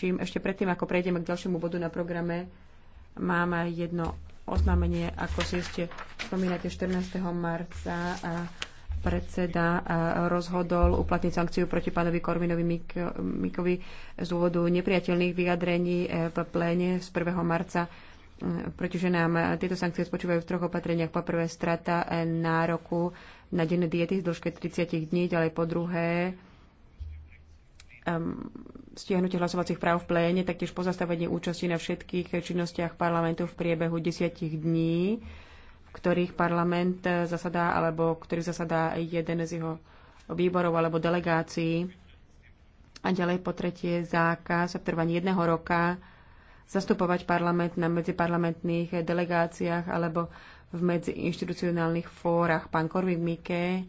čím ešte predtým, ako prejdeme k ďalšiemu bodu na programe, máme jedno oznámenie, ako si ešte spomínate, 14. marca a predseda rozhodol uplatniť sankciu proti pánovi Korvinovi Mikovi z dôvodu nepriateľných vyjadrení e, v pléne z 1. marca e, proti ženám. Tieto sankcie spočívajú v troch opatreniach. Po prvé, strata e, nároku na denné diety z dĺžke 30 dní, ďalej po druhé, stiahnutie hlasovacích práv v pléne, taktiež pozastavenie účasti na všetkých činnostiach parlamentu v priebehu desiatich dní, v ktorých parlament zasadá alebo ktorý zasadá jeden z jeho výborov alebo delegácií. A ďalej po tretie zákaz v trvaní jedného roka zastupovať parlament na medziparlamentných delegáciách alebo v medziinstitucionálnych fórach. Pán Korvin Mike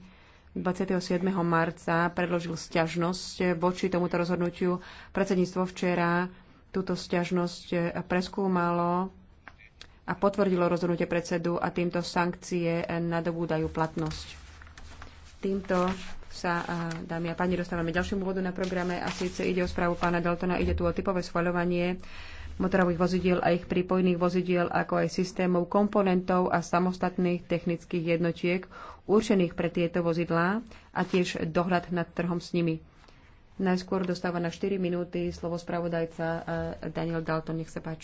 27. marca predložil sťažnosť voči tomuto rozhodnutiu. Predsedníctvo včera túto sťažnosť preskúmalo a potvrdilo rozhodnutie predsedu a týmto sankcie nadobúdajú platnosť. Týmto sa, dámy a páni, dostávame ďalšiemu bodu na programe a síce ide o správu pána Daltona, ide tu o typové schvaľovanie motorových vozidiel a ich prípojných vozidiel, ako aj systémov komponentov a samostatných technických jednotiek určených pre tieto vozidlá a tiež dohľad nad trhom s nimi. Najskôr dostáva na 4 minúty slovo spravodajca eh, Daniel Dalton. Nech sa páči.